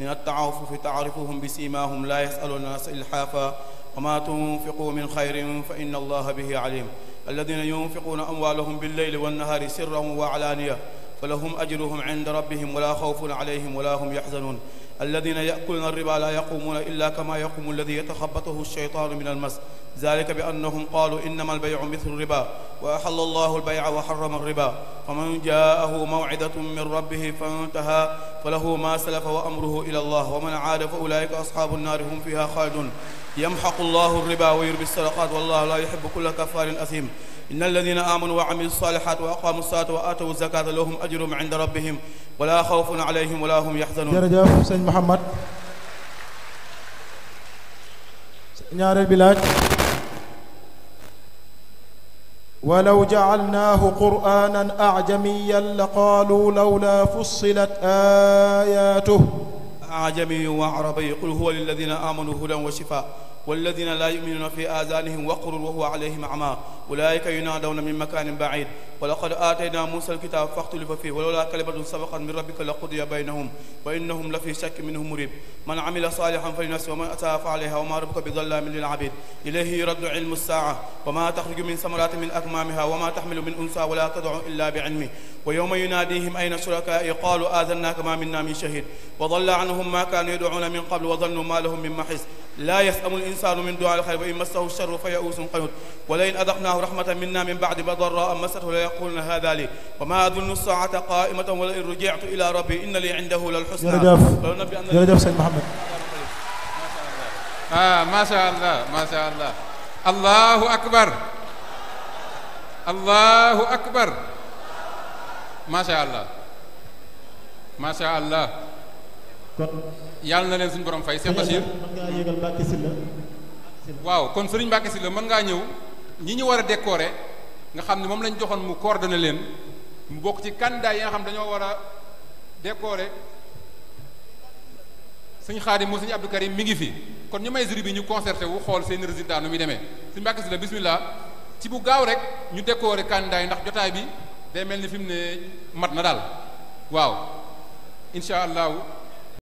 من التعاطف تعرفهم بسيماهم لا يسألون الناس إلحافا وما تنفقوا من خير فإن الله به عليم الذين ينفقون أموالهم بالليل والنهار سرا وعلانية فلهم أجرهم عند ربهم ولا خوف عليهم ولا هم يحزنون الذين يأكلون الربا لا يقومون إلا كما يقوم الذي يتخبطه الشيطان من المس ذلك بأنهم قالوا إنما البيع مثل الربا وأحل الله البيع وحرم الربا فمن جاءه موعظة من ربه فانتهى fa lahu ma salafa wa amruhu ila allah wa man aada fa ulaika asxaabu nnaari hum fiha xaalidun yamxaqu llahu riba wa yurbi sadaqat wallahu la yuhibu kulla kafarin asim إن الذين آمنوا وعملوا الصالحات وأقاموا الصلاة وآتوا الزكاة لهم أجرهم عند ربهم ولا خوف عليهم ولا هم يحزنون jërëjëf sëñ Mouhamad ñaareel bi laaj ولو جعلناه قرانا اعجميا لقالوا لولا فصلت اياته اعجمي وعربي قل هو للذين امنوا هدى وشفاء والذين لا يؤمنون في اذانهم وقر وهو عليهم اعمى ulaayika yunaadawna min makaanin ba'iid wa laqad aataynaa muusaa al-kitaaba faxtulifa fiihi wa lawlaa kalimatun sabaqat min rabbika la qudiya baynahum wa innahum la fii shakkin minhu muriib man amila saalihan fali nafsihi wa man asaa'a fa'alayhaa wa maa rabbuka bi zallaamin lil-'abiid ilayhi yuraddu 'ilmu as-saa'ati wa maa taxruju min samaraatin min akmaamihaa wa maa taxmilu min unsaa wa laa tad'u illaa bi'ilmihi wa yawma yunaadiihim ayna shurakaa'ii qaaluu aadannaaka maa minnaa min shahiid wa dalla 'anhum maa kaanuu yad'uuna min qablu wa dannuu maa lahum min mahiis laa yas'amu al-insaanu min du'aa al-khayri wa in massahu ash-sharru fa ya'uusun qanuut wa la in adaqnaahu allahu rahmatan minna min ba'di ma darra masathu la yaquluna hadha li wa ma adunnu as-saa'ata qaa'imatan wa la in raja'tu ila rabbi inna li 'indahu la al-husna jërëjëf jërëjëf sëñ Mouhamed ah masha allah masha allah allahu akbar allahu akbar masha allah masha allah kon yàlla na leen suñu borom fay Cheikh Bachir mën ngaa yégal Mbacke Sylla waaw kon Serigne Mbacke Sylla mën ngaa ñëw ñi ñu war a décorer nga xam ne moom lañu joxoon mu coordonné leen mu bokk ci candidat yi nga xam dañoo war a décorer suñ xaadim moo suñu Abdou mi ngi fi kon ñu may jury bi ñu concerté wu xool seen résultat nu muy demee suñu mbàkk la bismillah ci bu gaaw rek ñu décorer candidat yi ndax jotaay bi day mel ni fi mu ne mat na daal waaw incha allahu